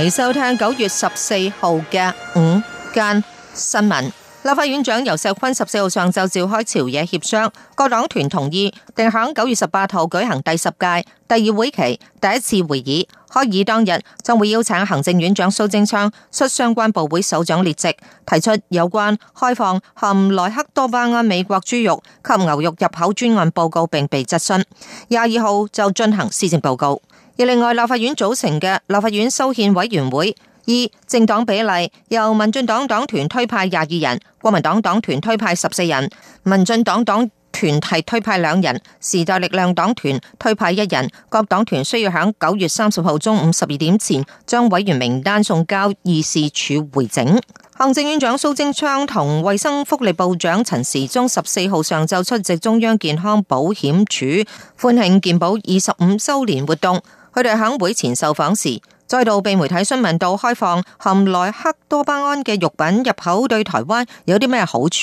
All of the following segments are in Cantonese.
嚟收聽九月十四號嘅午間新聞。立法院長游錫堃十四號上晝召開朝野協商，各黨團同意定響九月十八號舉行第十屆第二會期第一次會議，開議當日將會邀請行政院長蘇貞昌出相關部會首長列席，提出有關開放含萊克多巴胺美國豬肉及牛肉入口專案報告並被質詢，廿二號就進行施政報告。而另外，立法院組成嘅立法院修憲委員會二政黨比例由民進黨黨團推派廿二人，國民黨黨團推派十四人，民進黨黨團係推派兩人，時代力量黨團推派一人。各黨團需要響九月三十號中午十二點前將委員名單送交議事處回整。行政院長蘇貞昌同衛生福利部長陳時中十四號上晝出席中央健康保險署歡慶健保二十五周年活動。佢哋喺會前受訪時，再度被媒體詢問到開放含萊克多巴胺嘅肉品入口對台灣有啲咩好處，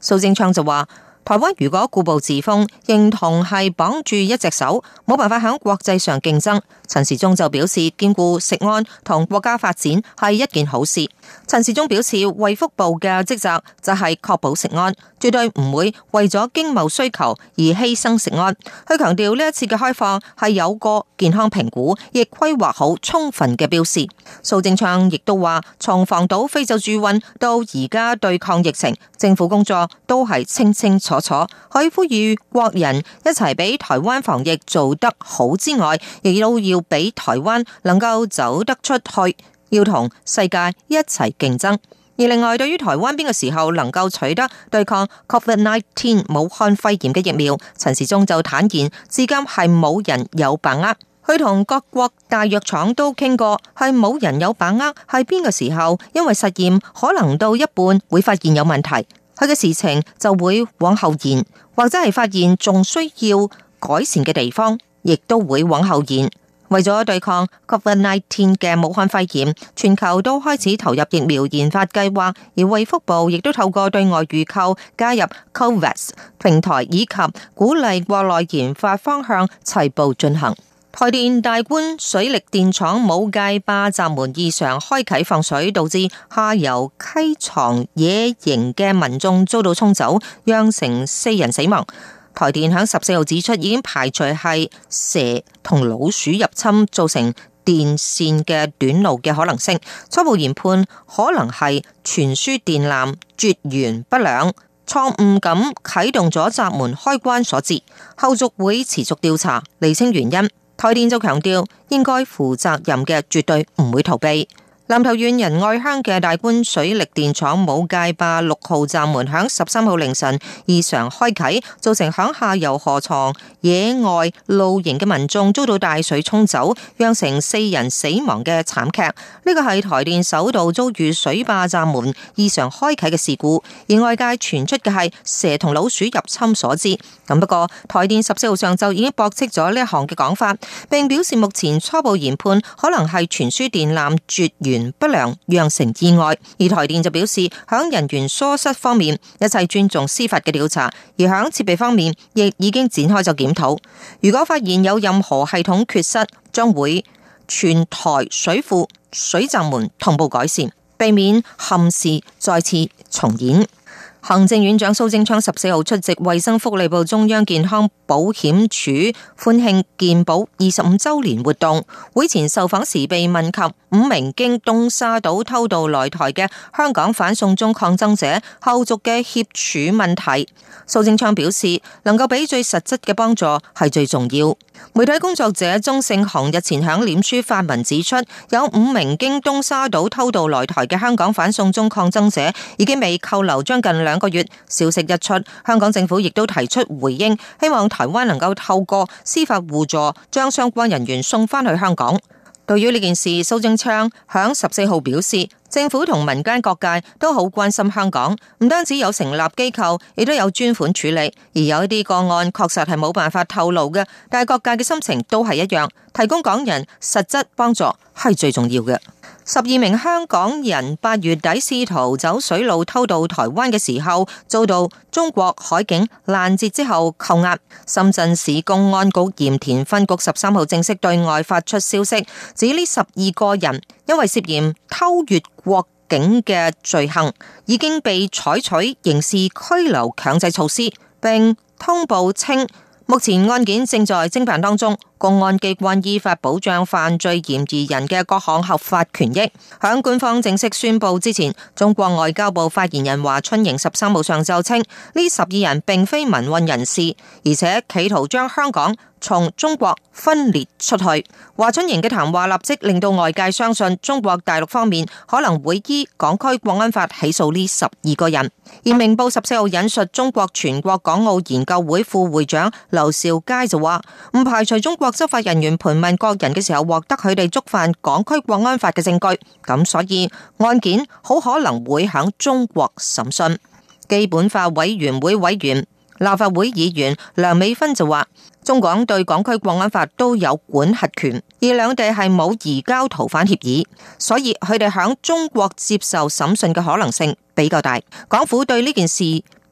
蘇貞昌就話。台灣如果固步自封，認同係綁住一隻手，冇辦法響國際上競爭。陳時中就表示，兼顧食安同國家發展係一件好事。陳時中表示，衛福部嘅職責就係確保食安，絕對唔會為咗經貿需求而犧牲食安。佢強調呢一次嘅開放係有個健康評估，亦規劃好充分嘅標示。蘇貞昌亦都話，從防堵非洲豬瘟到而家對抗疫情，政府工作都係清清楚楚楚可以呼籲國人一齊俾台灣防疫做得好之外，亦都要俾台灣能夠走得出去，要同世界一齊競爭。而另外對於台灣邊個時候能夠取得對抗 COVID-19 武漢肺炎嘅疫苗，陳時中就坦言，至今係冇人有把握。佢同各國大藥廠都傾過，係冇人有把握係邊個時候，因為實驗可能到一半會發現有問題。佢嘅事情就會往後延，或者係發現仲需要改善嘅地方，亦都會往後延。為咗對抗 COVID-19 嘅武漢肺炎，全球都開始投入疫苗研發計劃，而衛福部亦都透過對外預購加入 COVAX 平台，以及鼓勵國內研發方向齊步進行。台電大觀，水力電廠武界壩閘門異常開啟放水，導致下游溪床野營嘅民眾遭到沖走，釀成四人死亡。台電響十四號指出，已經排除係蛇同老鼠入侵造成電線嘅短路嘅可能性，初步研判可能係傳輸電纜絕緣不良、錯誤咁啟動咗閘門開關所致，後續會持續調查釐清原因。台電就強調，應該負責任嘅，絕對唔會逃避。南投縣仁愛鄉嘅大觀水力電廠武界壩六號閘門喺十三號凌晨異常開啟，造成響下游河床野外露營嘅民眾遭到大水沖走，釀成四人死亡嘅慘劇。呢個係台電首度遭遇水壩閘門異常開啟嘅事故，而外界傳出嘅係蛇同老鼠入侵所致。咁不過台電十四號上晝已經駁斥咗呢一項嘅講法，並表示目前初步研判可能係傳輸電纜絕緣。緣不良釀成意外，而台電就表示，響人員疏失方面一切尊重司法嘅調查，而響設備方面亦已經展開咗檢討。如果發現有任何系統缺失，將會全台水庫水閘門同步改善，避免憾事再次重演。行政院長蘇貞昌十四號出席衛生福利部中央健康保險署歡慶健保二十五周年活動，會前受訪時被問及五名經東沙島偷渡來台嘅香港反送中抗爭者後續嘅協助問題，蘇貞昌表示能夠俾最實質嘅幫助係最重要。媒體工作者鍾勝雄日前喺臉書發文指出，有五名經東沙島偷渡來台嘅香港反送中抗爭者，已經被扣留將近兩個月。消息一出，香港政府亦都提出回應，希望台灣能夠透過司法互助，將相關人員送返去香港。對於呢件事，蘇貞昌響十四號表示。政府同民間各界都好關心香港，唔單止有成立機構，亦都有專款處理。而有一啲個案確實係冇辦法透露嘅，但係各界嘅心情都係一樣，提供港人實質幫助係最重要嘅。十二名香港人八月底試圖走水路偷渡台灣嘅時候，遭到中國海警攔截之後扣押。深圳市公安局鹽田分局十三號正式對外發出消息，指呢十二個人因為涉嫌偷越獲警嘅罪行已經被採取刑事拘留強制措施，並通報稱，目前案件正在偵辦當中。公安機關依法保障犯罪嫌疑人嘅各項合法權益。響官方正式宣布之前，中國外交部發言人華春瑩十三號上晝稱：呢十二人並非民運人士，而且企圖將香港從中國分裂出去。華春瑩嘅談話立即令到外界相信中國大陸方面可能會依《港區國安法》起訴呢十二個人。而明報十四號引述中國全國港澳研究會副會長劉兆佳就話：唔排除中國。執法人員盤問各人嘅時候，獲得佢哋觸犯港區國安法嘅證據，咁所以案件好可能會喺中國審訊。基本法委員會委員、立法會議員梁美芬就話，中港對港區國安法都有管轄權，而兩地係冇移交逃犯協議，所以佢哋喺中國接受審訊嘅可能性比較大。港府對呢件事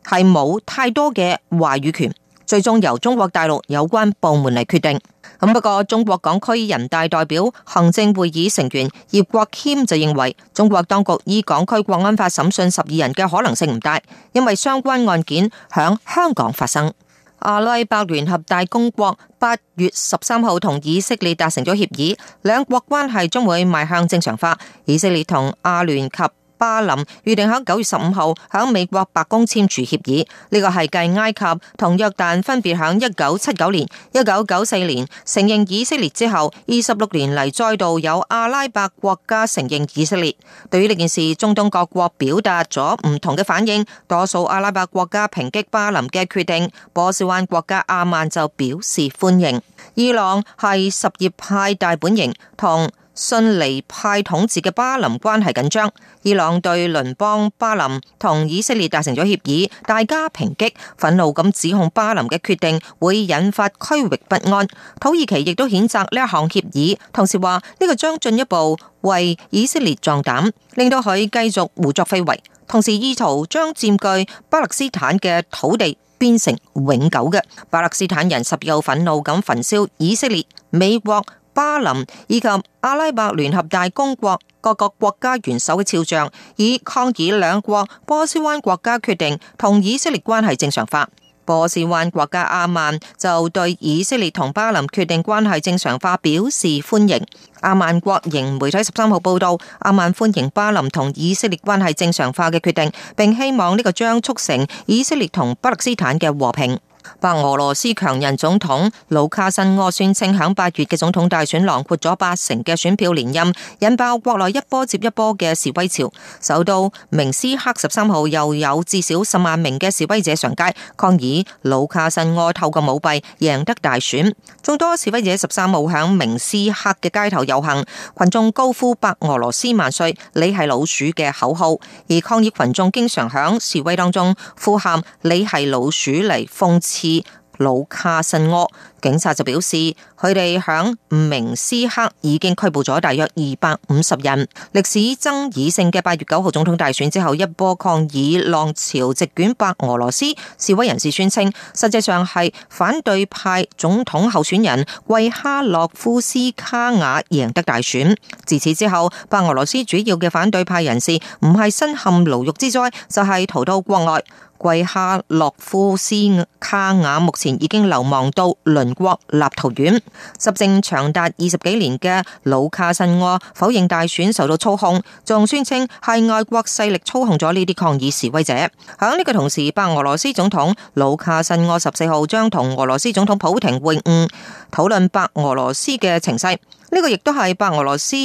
係冇太多嘅話語權。最終由中國大陸有關部門嚟決定。咁不過，中國港區人大代表、行政會議成員葉國謙就認為，中國當局依港區國安法審訊十二人嘅可能性唔大，因為相關案件響香港發生。阿拉伯聯合大公國八月十三號同以色列達成咗協議，兩國關係將會邁向正常化。以色列同阿聯及巴林預定響九月十五號響美國白宮簽署協議，呢個係繼埃及同約旦分別響一九七九年、一九九四年承認以色列之後，二十六年嚟再度有阿拉伯國家承認以色列。對於呢件事，中東各國表達咗唔同嘅反應，多數阿拉伯國家抨擊巴林嘅決定，波斯灣國家阿曼就表示歡迎。伊朗係什葉派大本營，同遜尼派統治嘅巴林關係緊張，伊朗對鄰邦巴林同以色列達成咗協議，大家抨擊憤怒咁指控巴林嘅決定會引發區域不安。土耳其亦都譴責呢一項協議，同時話呢個將進一步為以色列壯膽，令到佢繼續胡作非為，同時意圖將佔據巴勒斯坦嘅土地變成永久嘅。巴勒斯坦人十有憤怒咁焚燒以色列，美國。巴林以及阿拉伯聯合大公國各個國國家元首嘅肖像，以抗議兩國波斯灣國家決定同以色列關係正常化。波斯灣國家阿曼就對以色列同巴林決定關係正常化表示歡迎。阿曼國營媒體十三號報道，阿曼歡迎巴林同以色列關係正常化嘅決定，並希望呢個將促成以色列同巴勒斯坦嘅和平。白俄羅斯強人總統盧卡申柯宣稱，響八月嘅總統大選囊括咗八成嘅選票連任，引爆國內一波接一波嘅示威潮。首都明斯克十三號又有至少十萬名嘅示威者上街抗議盧卡申柯透過舞弊贏得大選。眾多示威者十三號響明斯克嘅街頭遊行，群眾高呼“白俄羅斯萬歲，你係老鼠嘅口號”，而抗議群眾經常響示威當中呼喊“你係老鼠嚟諷刺”似魯卡申柯。警察就表示，佢哋響明斯克已經拘捕咗大約二百五十人。歷史爭議性嘅八月九號總統大選之後，一波抗議浪潮席捲白俄羅斯，示威人士宣稱，實際上係反對派總統候選人維哈洛夫斯卡瓦贏得大選。自此之後，白俄羅斯主要嘅反對派人士唔係身陷牢獄之災就係、是、逃到國外。維哈洛夫斯卡瓦目前已經流亡到倫。國立陶宛執政長達二十幾年嘅魯卡申柯否認大選受到操控，仲宣稱係外國勢力操控咗呢啲抗議示威者。喺呢個同時，白俄羅斯總統魯卡申柯十四號將同俄羅斯總統普廷會晤，討論白俄羅斯嘅情勢。呢個亦都係白俄羅斯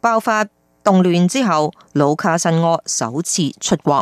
爆發動亂之後，魯卡申柯首次出國。